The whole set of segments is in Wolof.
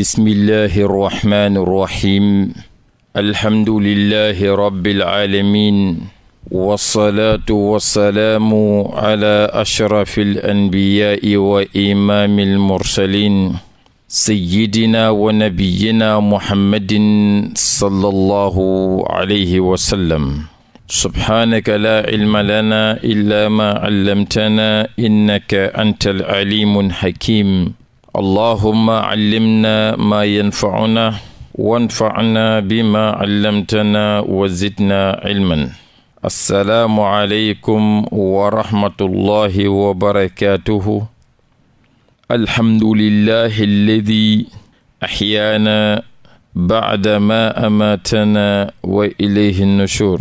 bismillahi irrahmani irrahim alhamdulillahi rabbil alamin wasalaatu wasalaamu ala ashrafi alanbiyaai wa imaami almursalin sayidina wa nabiyina muhammadin sallallahu alayhi wa sallam subhaanaka laa cilma lanaa illaa maa callamtanaa innaka anta al alimu alxakim allahumma callimna maa yanfacuna wanfacna bima callamtana wa zidna cilman assalaamu aleykum wa rahmatullahi wa barakaatuhu alhamdulillahi alladi axyaana bacda ma amaatana wa ilayhi nushur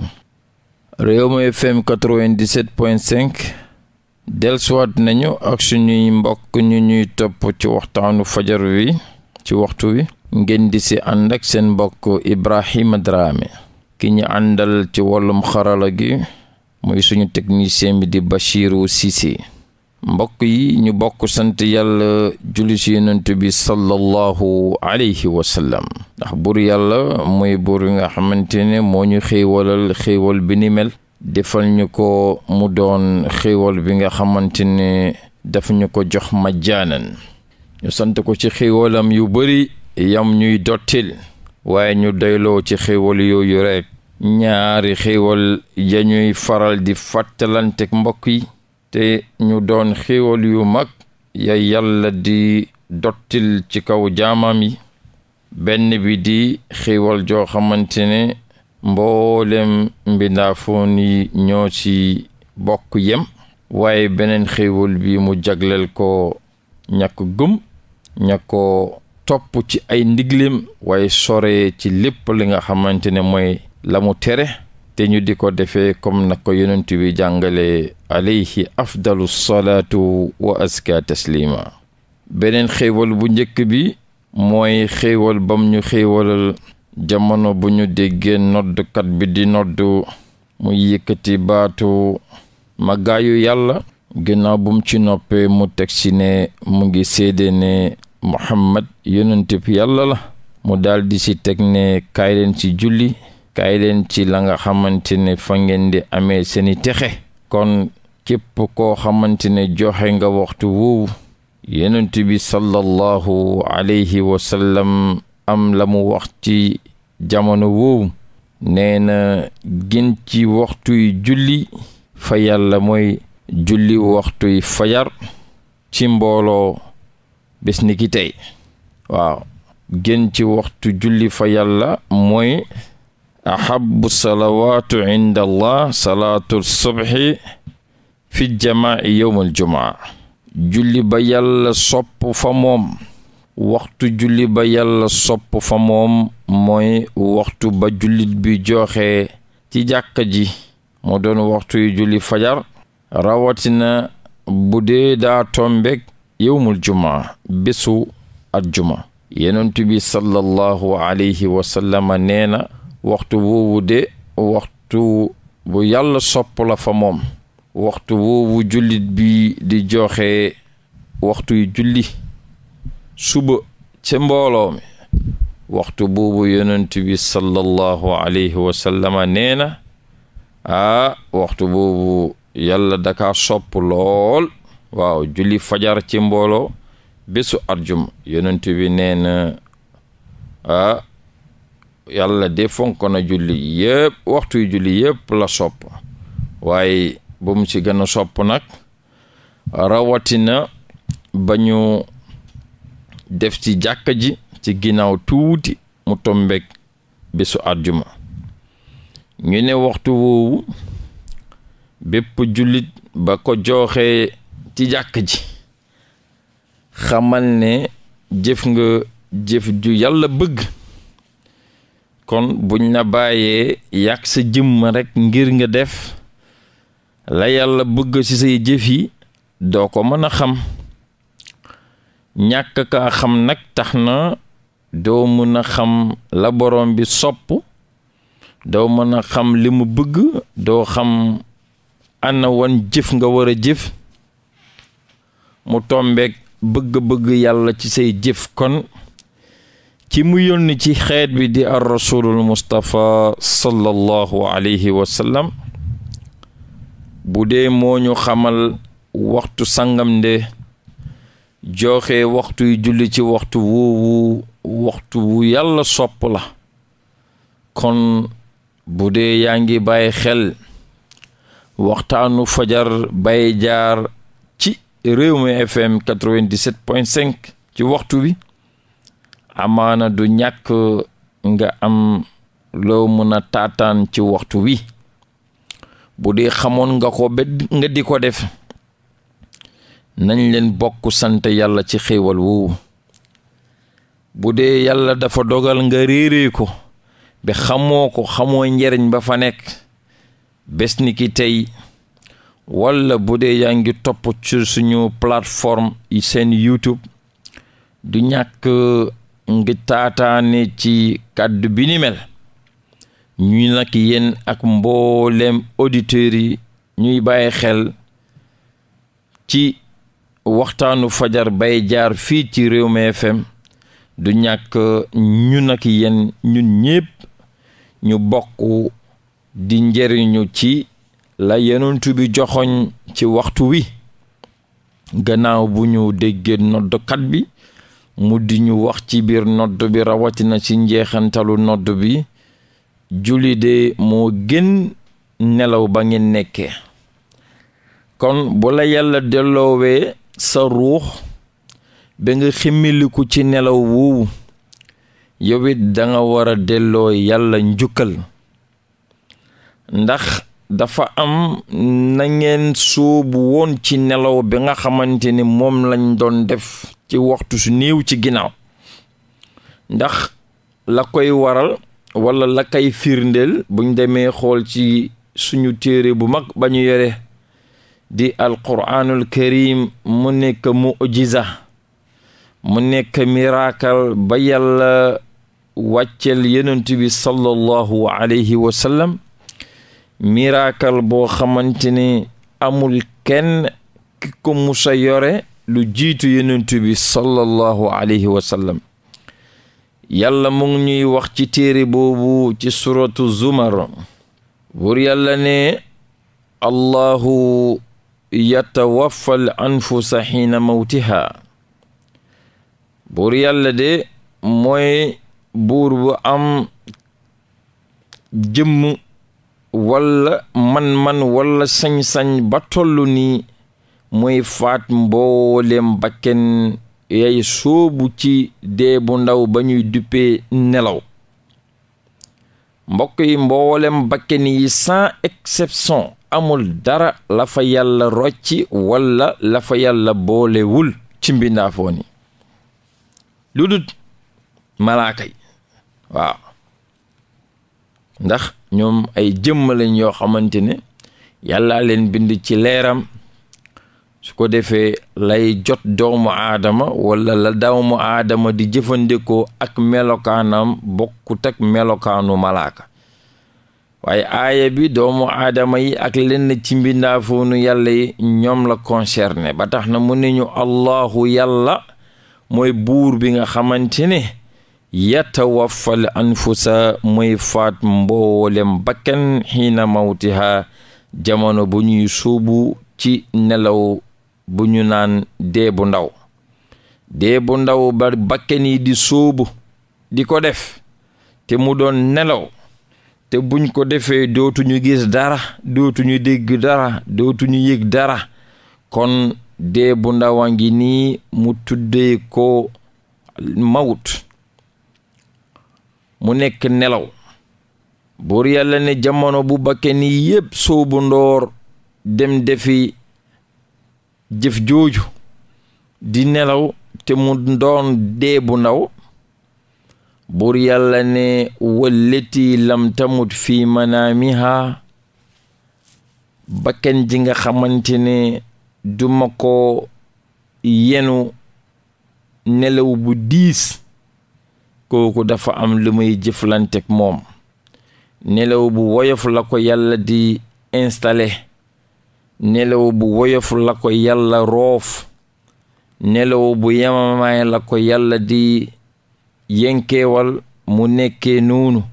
Rewmi FM 97.5 delsuwaat nañu ak suñuy mbokk ñu ñuy topp ci waxtaanu fajar wi ci waxtu wi ngeen di si ànd ak seen mbokk Ibrahima Dramé ki ñu àndal ci wàllum xarala gi muy suñu technicien bi di si si mbokk yi ñu bokk sant yàlla julli si yonent bi sallallahu alayhi wa sallam ndax buur yàlla mooy buur yi nga xamante ne moo ñu xéewalal xéewal bi ni mel defal ñu ko mu doon xéewal bi nga xamante ne daf ñu ko jox majjaanan ñu sant ko ci xéewalam yu bari yam ñuy dottil waaye ñu doyloo ci xéewal yooyu rekk ñaari xéewal ya ñuy faral di fàttalantek mbokk yi te ñu doon xéewal yu mag ya yàlla di dottil ci kaw jaamam yi benn bi di xéewal joo xamante mboolem mbindaafoon ni ñoo ci bokk yem waaye beneen xéewal bi mu jagleel ko ñàkk ko gëm ña ko topp ci ay ndiglem waaye sore ci lépp li nga xamante ne mooy lamu tere te ñu di ko defee comme na ko yonent bi jàngale alayhi afdalu salaatu wa aska taslima beneen xéewal bu njëkk bi mooy xéewal bam ñu xéewalal jamono bu ñu déggee noddkat bi di nodd mu yëkkati baatu màggaayu yàlla ginnaaw bu ci noppee mu teg ci ne mu ngi séede ne muhammad yonentib yàlla la mu daldi ci teg ne kaay ci julli kaay ci la nga xamante ne fa ngeen di amee seeni texe kon képp koo xamante ne joxe nga waxtu woowu yonent bi sallallahu alayhi am la mu wax ci jamono woowu nee na gën julli fa yàlla mooy julli waxtuy fajar ci mbooloo bés ni ki waaw gën ci waxtu julli fa yàlla mooy ahabu salawaatu inda salaatu subhi fi jamaai yowm aljumaa julli ba yàlla sopp fa moom waxtu julli ba yàlla sopp fa moom mooy waxtu ba jullit bi joxe ci jàkka ji moo doon waxtu yu julli fajar rawatina bu dee daa tombeek yowmul jumaa bésu at juma yenentu bi sallallahu alayhi wasallama nee na waxtu boobu de waxtu bu yàlla sopp la fa moom waxtu boobu jullit bi di joxe waxtu yu julli suba ca mi waxtu boobu yonent bi sallallahu alayhi wa sallama nee na ah waxtu boobu yàlla dakaa sopp lool waaw julli fajar ci mbooloo bésu arjum yonent bi nee na ah yàlla de fonk na julli yëpp waxtu julli yépp la sopp waaye bu mu ci gën sopp nag rawatina ba def ci jàkk ji ci ginnaaw tuuti mu tombeek bésu àjjuma ñu ne waxtu woowu bépp jullit ba ko jooxee ci jàkka ji xamal ne jëf nga jëf ju yàlla bëgg kon buñ la bàyyee yàq sa jëmm rekk ngir nga def la yàlla bëgg ci say jëf yi doo ko mën a xam ñàkk kaa xam nag tax na doo mën a xam la borom bi sopp doo mën a xam li mu bëgg doo xam ana wan jëf nga war a jëf mu tombeek bëgg-bëgg yàlla ci say jëf kon ci mu yónni ci xeet bi di ar rasulul mustapha sallallahu alayhi wa bu dee moo ñu xamal waxtu sangam de jooxe waxtuy julli ci waxtu woowu waxtu wu yàlla sopp la kon bu dee yaa ngi bàyyi xel waxtaanu fajar bay jaar ci Rewmi FM 97.5 ci waxtu bi amaana du ñàkk nga am loo mën a taataan ci waxtu wi bu dee xamoon nga ko ba nga di ko def nañ leen bokk sant yàlla ci xéewal woowu bu dee yàlla dafa dogal nga réeree ko bi xamoo ko xamoo njariñ ba fa nekk bés tey walla bu dee yaa ngi topp ci suñu plateforme yi seen YouTube du ñàkk ngi taataane ci kàddu bi ñuy mel yenn ak mboolem auditeurs yi ñuy bàyyi xel ci waxtaanu fajar bay jaar fii ci Rewmi FM du ñàkk ñun ak yéen ñun ñépp ñu bokk di njëriñu ci la Yonent bi joxoñ ci waxtu wi gannaaw bu ñu déggee noddkat bi mu di ñu wax ci biir nodd bi rawatina ci njeexantalu nodd bi julli de moo gën nelaw ba ngi nekkee kon bu la yàlla delloowee sa ruux ba nga ximmiliku ci nelaw woowu yow it danga wara delloo yàlla njukkal ndax dafa am na ngeen sóobu woon ci nelaw bi nga xamante ni moom lañ doon def ci waxtu su néew ci ginnaaw ndax la koy waral walla la koy firndeel buñ demee xool ci suñu téere bu mag ba ñu yore di alquraanul karim mu nekk mujiza mu nekk miracle ba yàlla wàccel yenentu bi sallallahu alayhi wa sallam miracle boo xamante ne amul kenn ki ko yore lu jiitu yenentu bi sallallahu alayhi wa sallam yàlla mu ngi ñuy wax ci téere boobu ci suratu zumar buur yàlla ne allahu yatawaffal anfusa xiina mawtiha buur yàlla de mooy buur bu am jëmm walla man-man walla sañ-sañ ba ni moy faat mbooleem bakken yay soobu ci dee bu ndaw ba ñuy duppee nelaw mbokk yi mboolem bakken yi sans exception amul dara lafa fa yàlla rocci walla la fa yàlla boolewul ci mbindaafoon yi lu dut malaaka waaw ndax ñoom ay jëmm lañ yoo xamante ne yàllaa leen bind ci leeram su ko defee lay jot doomu aadama walla la aadama di jëfandikoo ak melokaanam bokkut ak melokaanu malaaka waaye aaya bi doomu aadama yi ak lenn ci mbindaafoonu yàlla yi ñoom la concerné ba tax na mu ne ñu allahu yàlla mooy buur bi nga xamante ne yatawaffal anfusa mooy faat mboolem bakkan xiina mawtiha jamono bu ñuy suubu ci nelaw bu ñu naan dee bu ndaw dee bu ndaw ba bakkan yi di suubu di ko def te mu doon nelaw te buñ ko defee dootuñu gis dara dootuñu dégg dara dootuñu yëg dara kon dee bu ndaw a ngi nii mu tuddee ko mawut mu nekk nelaw buur yàlla ne jamono bu bakke ni yépp soobu ndoor dem defi jëf jooju di nelaw te mu doon dee bu ndaw bur yàlla ne wallati lam fi manaamiha bakkan ji nga xamante ne duma ko yenu nelaw bu diis kooku dafa am lu muy jëflanteek moom nelaw bu woyof la ko yàlla di installé nelaw bu woyof la ko yàlla roof nelaw bu yamamaay la ko yàlla di yenkeewal mu nekkee noonu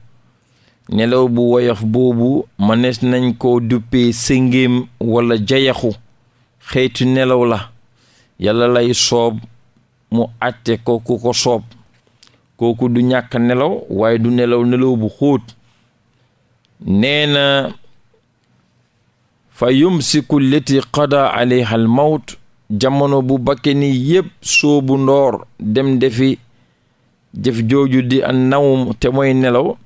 nelaw bu woyof boobu mënees nañ koo duppee sëngéem walla jayaxu xeetu nelaw la yàlla lay soob mu àtte ko ko soob kooku du ñàkk nelaw waaye du nelaw nelaw bu xuut nee na fa yumsiku leti qada aleyha al mawt jamono bu bakke ni yépp soobu ndoor dem defi jëf jooju di am nawum te mooy nelaw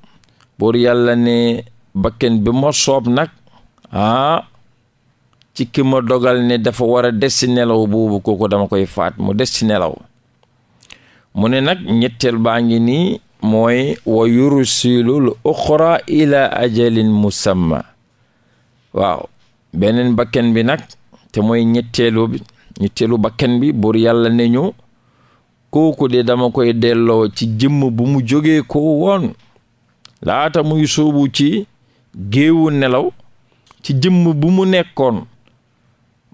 buur yàlla ne bakken bi ma nag ah ci ki ma dogal ne dafa war a des ci nelaw boobu kooku dama koy faat mu des ci nelaw mu ne nag ñetteel baa ngi nii mooy wa yursilul uxra ila ajalin musamma waaw beneen bakken bi nag te mooy ñetteelu bi ñetteelu bakken bi buur yàlla ne ñu kooku de dama koy delloo ci jëmm bu mu jógee ko woon laata muy suubu ci géewu nelaw ci jëmm bu mu nekkoon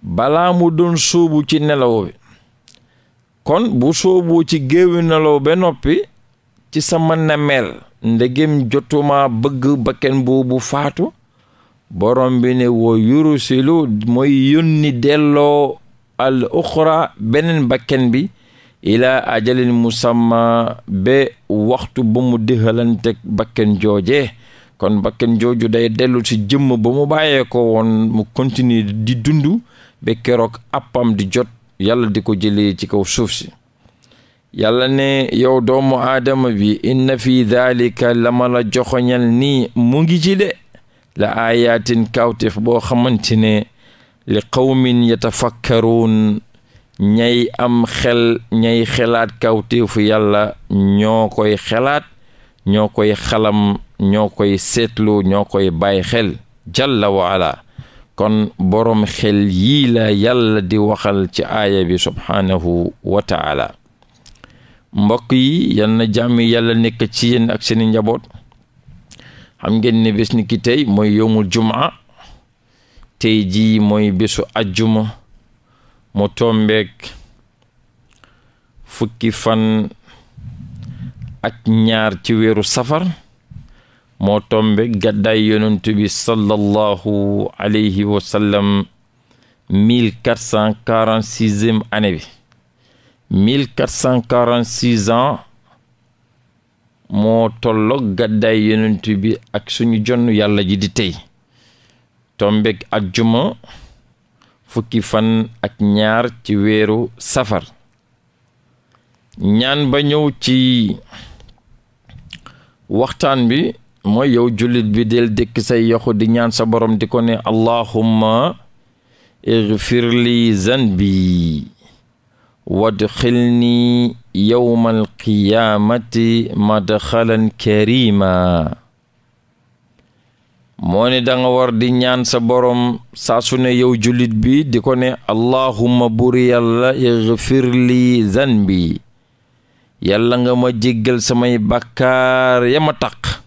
balaa mu doon suubu ci nelaw bi kon bu sóobu ci géewu nelaw ba noppi ci sama nameel ndegem jotuma bëgg bakken boobu faatu borom bi ne woo yurusilu mooy yónni delloo al uxra beneen bakken bi ilaa ajalin musamma ba waxtu ba mu dixalanteg bakken jooje kon bakken jooju day dellu ci jëmm ba mu bàyyee ko woon mu continuer di dundu ba keroog appam di jot yalla di ko jëlee ci kaw suuf yàlla ne yow doomu aadama bi inna fi daalika lamala ma joxoñal nii mu ngi ci de la aayaatin kawtef boo xamante ne li qawmin yatafakkaruun ñay am xel ñay xelaat kawteefu yàlla ñoo koy xelaat ñoo koy xalam ñoo koy seetlu ñoo koy bàyyi xel jalla wa ala kon boroom xel yii la yàlla di waxal ci aaya bi subhaanahu wa mbokk yi yal na jàmm yàlla nekk ci yéen ak seeni njaboot xam ngeen ne bés ni ki tey mooy yowmul jumaa tey jii mooy bésu ajjuma mu tombeeg fan ak ñaar weeru safar moo tombeeg gàddaay yonent bi sallallahu alayhi wa sallam mille année bi mille quatre cent moo tolloog gàddaay yonent ak suñu jonn yàlla ji di tey tombeeg ajjuma fukki fan ak ñaar ci weeru safar ñaan ba ñëw ci waxtaan bi mooy yow jullit bi del dëkk say yoxu di ñaan sa borom di ko ne allahumma igfir li zanbi wadxilni yowma alqiyaamati madxalan moo danga war di ñaan sa borom saa su yow jullit bi di ko ne allahumma buri yàlla igfir li zanbi yàlla nga ma jéggal samay bàkkaar ya ma taq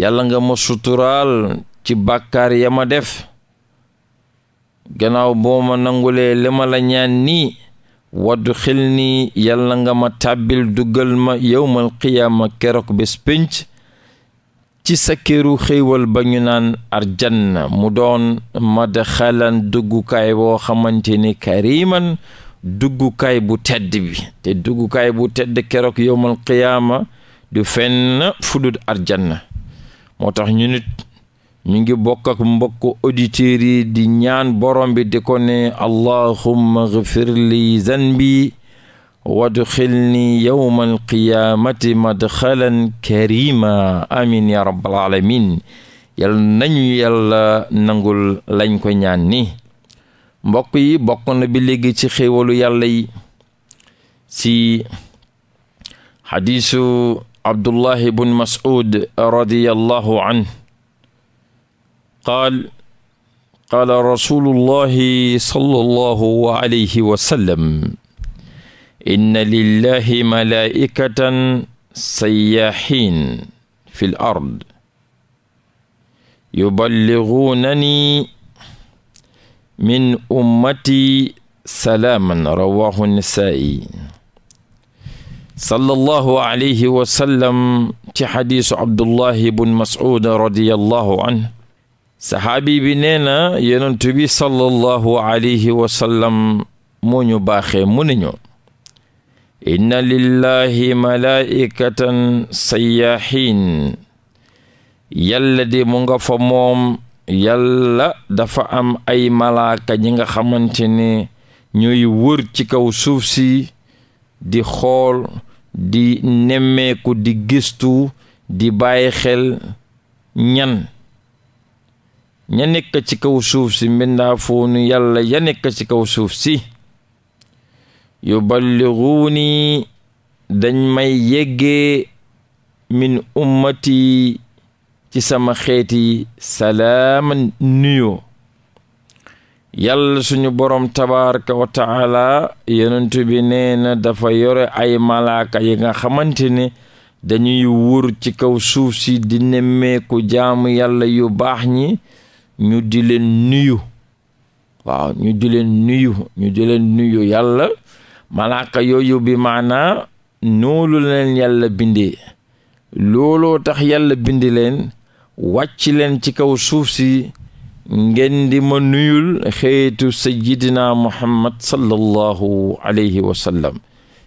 yàlla nga ma suturaal ci bàkkaar ya ma def gannaaw boo ma nangulee li ma la ñaan nii waddu xil nii yàlla nga ma tàbbil duggal ma yowmal qiyaama keroog bés pénc ci sa këru xéewal ba ñu naan arjanna mu doon madaxalan duggukaay boo xamante ni kariman duggukaay bu tedd bi te duggukaay bu tedd keroog yowmal qiyaama du fenn fudut arjanna moo tax ñu nit ñu ngi bokk mbokk auditeurs yi di ñaan borom bi di ko ne allahumma ghfir li zanbi wadxilni yowma alqiyaamati madxalan karima amin ya rabbal alamin yal nañu yàlla nangul lañ ko ñaan ni mbokk bokk na bi léegi ci xéewalu yàlla yi ci xadiisu abdullahi bun mas'ud radiyallahu anhu qaal qaala rasulullahi sallallahu alayhi wa sallam inna lillahi malaa'ikatan sayaaxiin fi l ard yuballighuunani min ummati salaaman rawaahu nisaa'i sallallahu alayhi wa sallam ci xadiisu abdullahi bun mas'ud radiyallahu anhu saxaabi bi nee na yonent bi sallallahu alayhi wa sallam moo ñu baaxee mu nañu inna lillahi malaa'ikatan sayaahiin yàlla de mu nga fa moom yàlla dafa am ay malaaka ñi nga xamante ne ñooy wër ci kaw suuf si di xool di nemmeeku di gëstu di bàyyi xel ñan ña nekk ci kaw suuf si mbindaa foonu yàlla ya ci kaw suuf si yuballighuuni dañ may yëgge min ummati ci sama xeeti salaaman nuyo yàlla suñu boroom tabaraka wa taala yonent bi nee na dafa yore ay malaaka yi nga xamante ne dañuy wur ci kaw suuf si di nemmeeku jaamu yàlla yu baax ñi ñu di leen nuyu ñu di leen nuyu ñu malaaka yooyu bi maanaa noolu leen yàlla bindee looloo tax yàlla bindi leen wàcc leen ci kaw suuf si ngeen di ma nuyul xeetu sayyidina muhammad sallallahu alayhi wa sallam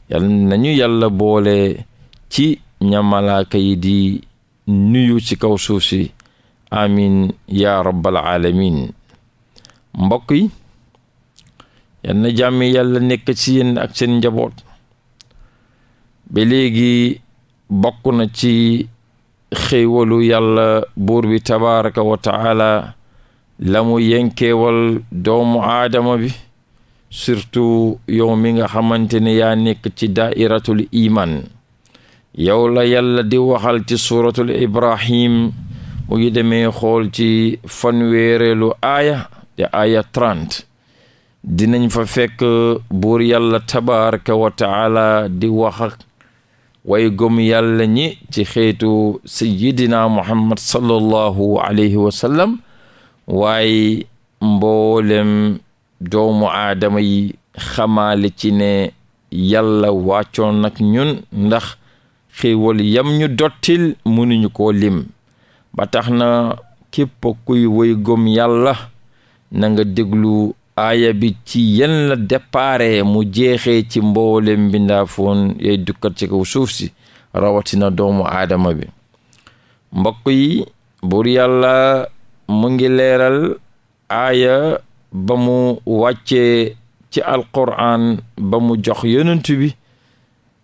yal nañu yàlla boole ci ña malaaka yi di nuyu ci kaw suuf si amin ya rabbal alamin mbokk yi yal na jàmm yàlla nekk ci yenn ak seen njaboot ba léegi bokk na ci xéewalu yàlla buur bi tabaraka wa taala la mu yenkeewal doomu aadama bi surtu yow mi nga xamante ne yaa nekk ci daairatul iman yow la yàlla di waxal ci suuratul ibrahim mu ngi demee xool ci fanweereelu aaya te aaya dinañ fa fekk buur yàlla tabaraka wa taala di wax ak way gom yàlla ñi ci xeetu sayidina muhammad sallallahu alayhi wa sallam waaye mboolem doomu aadama yi xamaale ci ne yàlla wàccoon nag ñun ndax xéewal yam ñu dottil mënuñu koo lim ba tax na képp kuy woy gom yàlla na nga aaya bi ci yan la dépare mu jeexe ci mboole mbindaafoon yay dukkat ci kaw suuf si rawatina doomu aadama bi mbokk yi buur yàlla mu ngi leeral aaya ba mu wàccee ci alquran ba mu jox yonent bi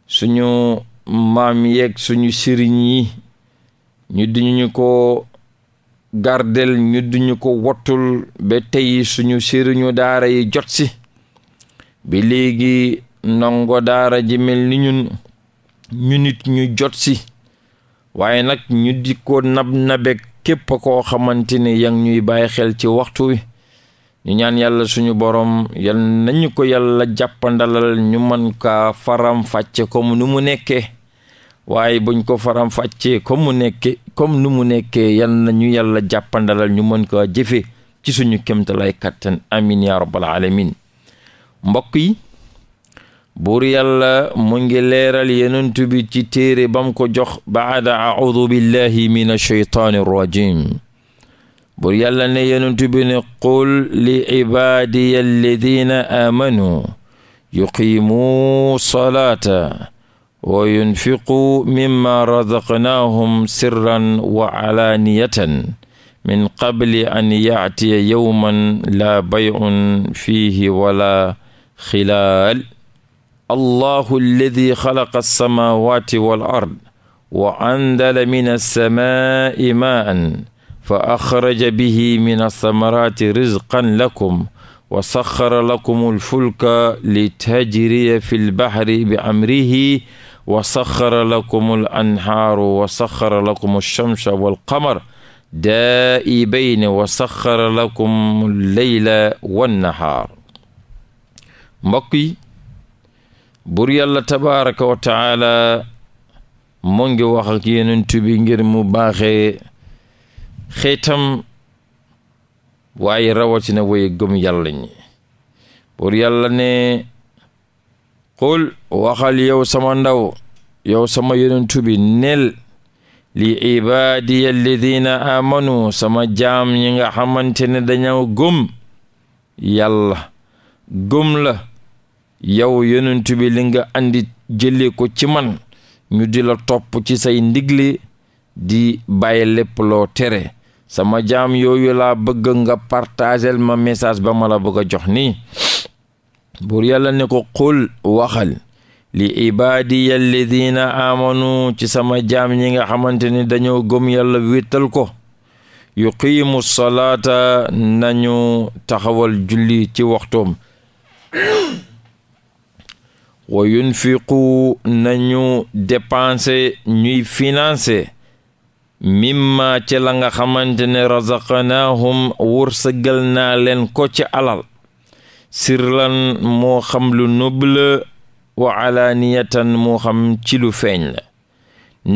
suñu maam yeeg suñu sëriñ yi ñu diñu ko gardel ñu duñu ko wottul ba tey suñu sëriñu daara yi jot si bi léegi ndongo daara ji mel ni ñun ñu nit ñu jot si waaye nag ñu di ko nab nabe képp koo xamante ne yang ñuy bàyyi xel ci waxtu wi ñu ñaan yàlla suñu borom yal nañu ko yàlla jàppandalal ñu mën kaa faram fàcce comme nu mu nekkee waaye buñ ko faram fàccee comme mu nekke comme nu mu nekkee yal na ñu yàlla jàppandalal ñu mën ko jëfe ci suñu kémtalay kattan amin ya rabbal alamin mbokk yi buur yàlla mu ngi leeral yenent bi ci téere bam ko jox baada audu billahi min ashaytaani rajim buur yàlla ne yenent bi ne qul li ibaadiya alladina aamanu yuqiimuu salaata wa yunfiqu mimma razaqnaahum sirran wa alaaniyatan min qabli an yaatiya yowman laa bayun fiihi wala xilaal allahu alladi xalaqa alsamawati wal ard wa andala min alsamaai maan fa axraja bihi min alsamarati rizqan lakum wa saxara lakum alfulka litajriya fi lbahri bi amrihi wa saxara lakum al anhaaru wa saxara lakum alchamsa walqamar daaibayni wa saxara lakum leyla wannahaar mbokk yi buur yàlla tabaraka wa taala mu ngi wax ak yenent bi ngir mu baaxe xeetam waaye rawatina woy gëm yàlla ñi buur ne qul waxal yow sama ndaw yow sama yonentu nel li ibaadiya alladina amanu sama jaam ñi nga xamante ne dañoo gëm yàlla gëm la yow yonentu bi li nga andi jëlee ko ci man ñu di la topp ci say ndigli di bàyyi lépp loo tere sama jaam yooyu laa bëgg nga partagel ma message ba ma la bëgg jox nii buur yàlla ne ko kul waxal li ibaadiya alladina amanu ci sama jaam ñi nga xamante ni dañoo gëm yàlla wéttal ko yuqiimu salaata nañu taxawal julli ci waxtoom wa yunfiqu nañu dépenser ñuy financer mimma ci la nga xamante ne razaqnaahum wërsëgal naa leen ko ci alal sirlan moo xam lu nëbb la wa alaaniyatan moo xam ci lu feeñ la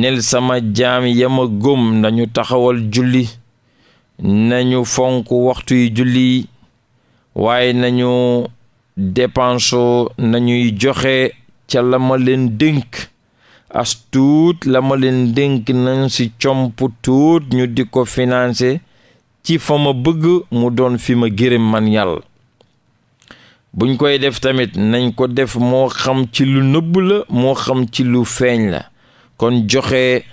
nel sama jaam yama gëm nañu taxawal julli nañu fonk waxtu yi julli waaye nañu dépenso nañuy joxe ca la ma dénk as tuut la ma nañ si comp tuut ñu di ko financé ci fa ma bëgg mu doon fi ma gërëm man yàlla buñ koy def tamit nañ ko def moo xam ci lu moo xam ci feeñ la kon joxe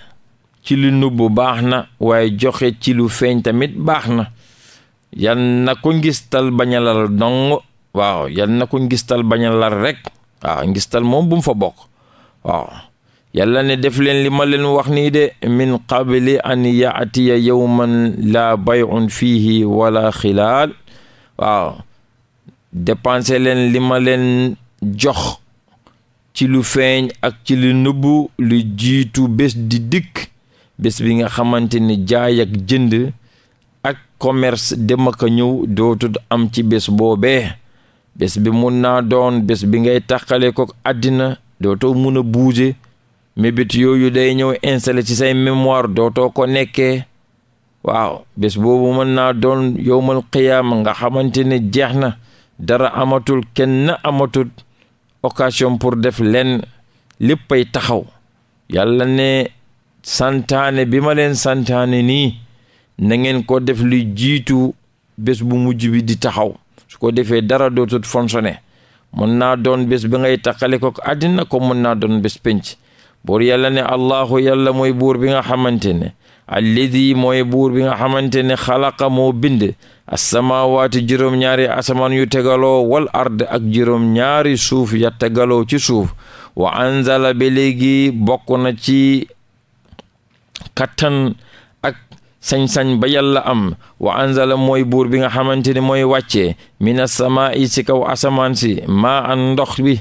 ci lu nëbb baax na waaye joxe ci lu feeñ tamit baax na yal na ko ngistal bañ a lal dong waaw yal ko ngistal bañ a lal rek ngistal moom bu fa bokk waaw yàlla ne def leen li ma leen wax nii de min qabli an yaatiya yowman laa bayun fiihi wala xilaal waaw dépenser leen li ma leen jox ci lu feeñ ak ci lu nëbbu lu jiitu bés di dikk bés bi nga xamante ne jaay ak jënd ak commerce dem ak ñëw dootul am ci bés boobee bés bi mun naa doon bés bi ngay tàqale ko àddina dootoo mun a bouger mébét yooyu day ñëw installé ci say mémoire dootoo ko nekkee waaw bés boobu mën naa doon yowmal qiyaama nga xamante ne jeex na dara amatul kenn amatul occasion pour def leen léppay taxaw yàlla ne santaane bi ma leen santaane nii na ngeen ko def lu jiitu bés bu mujj bi di taxaw su ko defee dara dootul fonctionner mën naa doon bés bi ngay taqale ko àddina ko mën naa doon bés penc buur yàlla ne allahu yàlla mooy buur bi nga xamante ne alladi mooy buur bi nga xamante ne xalaqa moo bind assamaawaati juróom-ñaari asamaan yu tegaloo wal ard ak juróom-ñaari suuf ya tegaloo ci suuf wa anzala ba léegi bokk na ci kattan ak sañ-sañ ba yalla am wa anzala mooy buur bi nga xamante ne mooy wàcce mina samaa i si kaw asamaan si maa an ndox bi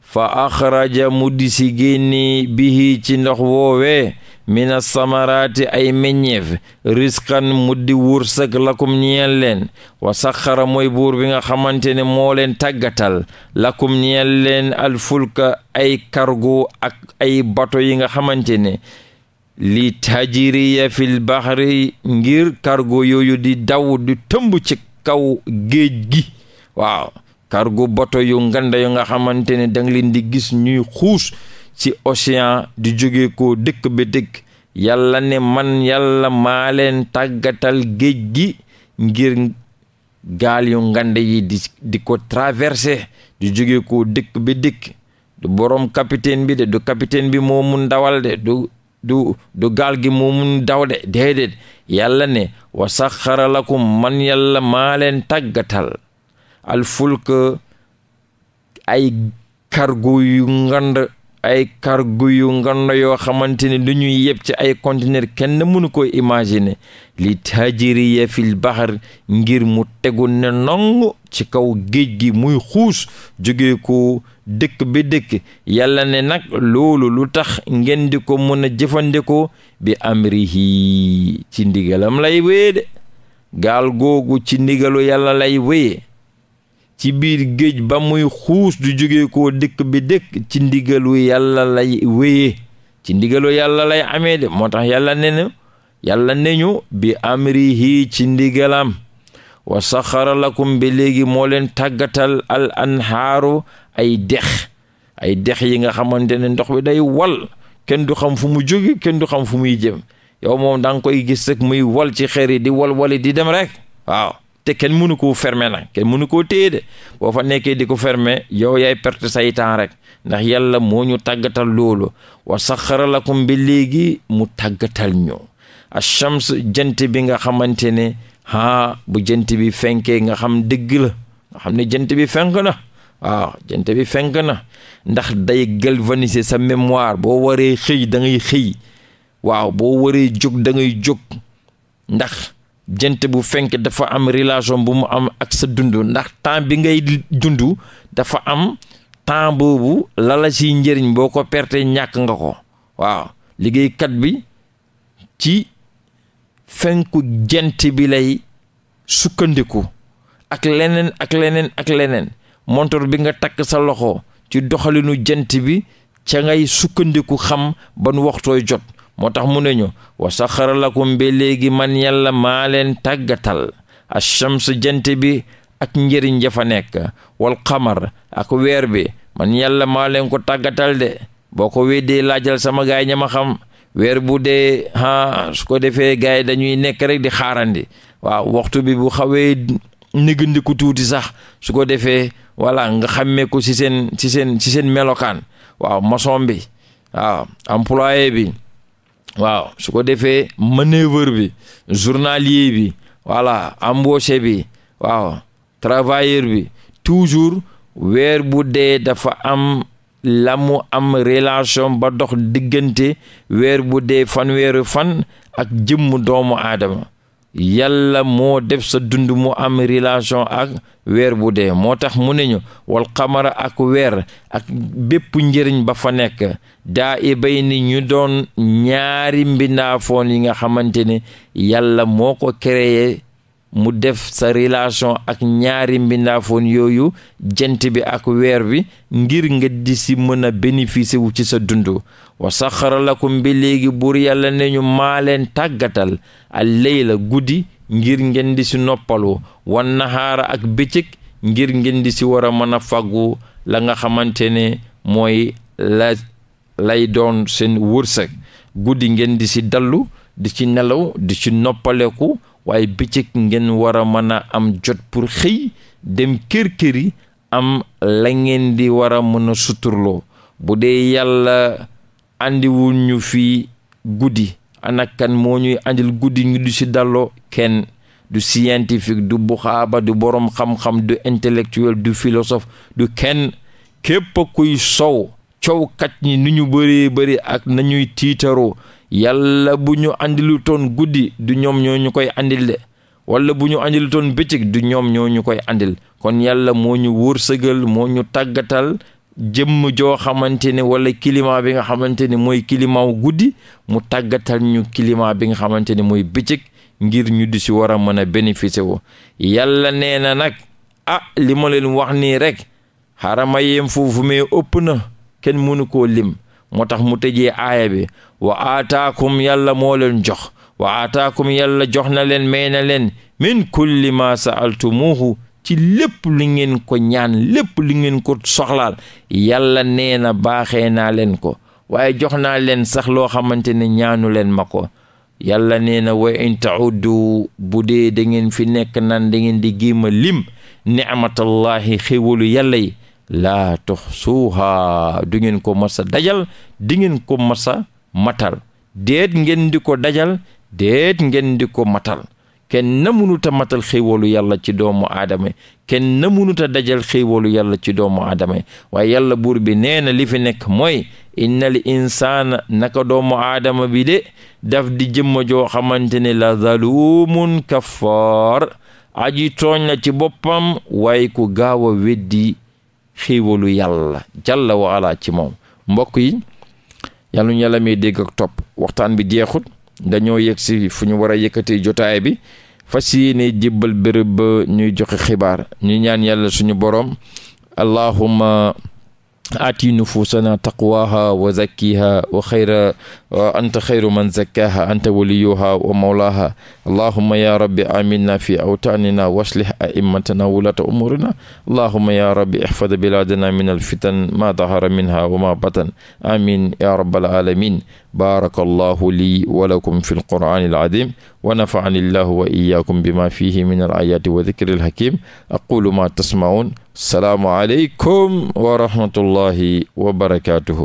fa axraja mu di si génne bihi ci ndox woowee mina samaraati ay meññeef risqan muddi wursak lakum ñeel leen wa saxara mooy buur bi nga xamante ne moo leen tàggatal lakum ñeel leen alfulka ay kargo ak ay bato yi nga xamante ne li tajiriya fil bahri ngir kargo yooyu di daw tëmb ci kaw géej gi waaw kargo bato yu nganda yu nga xamante ne danga leen di gis ñuy xuus ci océan di jóge ko dëkk bi dëkk yàlla ne man yàlla maa leen tàggatal géej gi ngir gaal yu ngande yi di di ko traversé du jóge ko dëkk bi dëkk du borom capitaine bi de du capitaine bi moo mun du du du gaal gi moo mun daw yàlla ne wa saxara lakum man yalla maa leen tàggatal ay cargo yu ay cargo yu ngando yoo xamante ne lu ñuy yëpp ci ay conteneur kenn mënu ko imaginer li taajiriya fil bahar ngir mu tegu ne nong ci kaw géej gi muy xuus jóge ko dëkk bi dëkk yàlla ne nag loolu lu tax ngeen di ko mën a jëfandikoo bi amrihi ci ndigalam lay wéye de gaal googu ci ndigalu yàlla lay wéye ci biir géej ba muy xuus du jóge koo dëkk bi dëkk ci ndigalu yàlla lay wéyee ci ndigalu yàlla lay amee de moo tax yàlla ne na yàlla ne ñu bi amrihi ci ndigalam wa saxara lakum bi léegi moo leen tàggatal al anhaaru ay dex ay dex yi nga xamante ne ndox bi day wal kenn du xam fu mu jóge kenn du xam fu muy jëm yow moom dang koy gis rek muy wal ci xeer yi di wal wali di dem rek waaw te kenn mënu koo fermer nag kenn mënu koo téye de boo fa nekkee di ko fermer yow yaay perte say rek ndax yàlla moo ñu tàggatal loolu wa saxara lakum bi léegi mu tàggatal ñu ashams jant bi nga xamante ne haa bu jant bi fenkee nga xam dëgg la nga xam ne jant bi fenk na waaw jant bi fenk na ndax day galvaniser sa mémoire boo waree xëy dangay ngay xëy waaw boo waree jóg da ngay ndax jant bu fenk dafa am relation bu mu am ak sa dund ndax temps bi ngay dund dafa am temps boobu lala si njëriñ boo ko perte ñàkk nga ko waaw liggéeykat bi ci fenku jant bi lay sukkandiku ak leneen ak leneen ak leneen montor bi nga takk sa loxo ci doxalinu jant bi ca ngay sukkandiku xam ba nu waxtooy jot moo tax mu ne ñu wa saxara lakum ba léegi man yàlla maa leen tàggatal ash-shams jant bi ak njëriñ ja fa nekk wal xamar ak weer bi man yàlla maa leen ko tàggatal de boo ko weddee laajal sama gaay ña xam weer bu dee ha su ko defee gaay dañuy nekk rek di xaarandi waaw waxtu bi bu xawee nigandiku tuuti sax su ko defee voilà nga xàmmee ko ci seen ci seen ci seen melokaan waaw maçon bi waaw employé bi waaw su ko defee manœuvre bi journalier bi voilà embauché bi waaw travailleur bi toujours weer bu dee dafa am la am relation ba dox diggante weer bu dee fanweeru fan ak jëmm doomu aadama yàlla moo def sa dund mu am relation ak weer bu dee moo tax mu ne ñu wal xamara ak weer ak bépp njëriñ ba fa nekk daa ibay ni ñu doon ñaari mbindaafoon yi nga xamante ni yàlla moo ko créé mu def sa relation ak ñaari mbindaafoon yooyu jant bi ak weer wi ngir nga di si mën a bénéficier wu ci sa dund wa saxara lakum bi léegi buur yàlla ne ñu maa leen tàggatal al guddi ngir ngeen di si noppalu wan naxaara ak bëccëg ngir ngeen di si war a mën a faggu la nga xamante ne mooy lay doon seen wërsëg guddi ngeen di si dallu di ci nelaw di ci noppaleku waaye bëccëg ngeen war a mën a am jot pour xëy dem kër-kër yi am la ngeen di war a mën a suturloo bu dee yàlla andiwul ñu fi guddi ana kan moo ñuy andil guddi ñu du si dalloo kenn du scientifique du buxaaba du borom xam-xam du intellectuel du philosophe du kenn képp kuy sow cowkat ñi nu ñu bëree bëri ak na ñuy tiitaroo yàlla bu ñu andilu toon guddi du ñoom ñoo ñu koy andil de wala bu ñu andilu toon bëccëg du ñoom ñoo ñu koy andil kon yàlla moo ñu wërsëgal moo ñu tàggatal jëmm joo xamante ne wala climat bi nga xamante ne mooy climat wu guddi mu tàggatal ñu climat bi nga xamante ne mooy bëccëg ngir ñu di si war a mën a bénéficier wo yàlla nee na nag ah li ma wax nii rek xarama yem foofu mais ëpp na kenn mënu ko lim moo tax mu tëjee aaya bi wa aataakum yàlla moo jox wa aataakum yàlla jox na leen may na leen min kulli ma saaltumuuhu ci lépp li ngeen ko ñaan lépp li ngeen ko soxlaal yàlla nee na baaxee naa leen ko waaye jox naa leen sax loo xamante ne ñaanu leen ma ko yàlla nee na wa in tauddu bu dee da fi nekk nan da ngeen di géema lim ni'matallahi xéwalu yàlla yi laa tuxsuuha du ngeen ko masa dajal di ngeen ko masa matal déet ngeen di ko dajal déet ngeen di ko matal kenn na matal xéewalu yàlla ci doomu aadama kenn na dajal xéewalu yàlla ci doomu aadama waaye yàlla buur bi nee na li fi nekk mooy innal insaana naka doomu aadama bi de daf di jëmma joo xamante ne la zalumun kaffaar aji tooñ ci boppam waaye ku gaawa a weddi xiiwolu yàlla jalla wa ci moom mbokk yi yàlla ñu yàlla may dégg ak topp waxtaan bi jeexut dañoo yëg si fu ñu war a yëkkati jotaay bi fas yéene jébbal bërëb ba ñuy joxe xibaar ñu ñaan yàlla suñu boroom allahumma aati nufuusana taqwaha wa zakkiha wa xayra wa anta xayru man zakkaha anta waliyuha wa mawlaha allahuma ya rabbi aminna fi awtaanina wa aslih aimmatana wulata umurina allahuma ya rabbi ihfad biladana min alfitan ma dahara minha wa ma batan amin ya rabbal alamin baaraka allahu lii wa lakum fi lqur'aani alazim wa nafaani allahu wa iyaakum bima fihi min alayaati wa dikri alhakim aqulu ma tasmaun salaamu aleykum wa rahmatullahi wa barakatuhu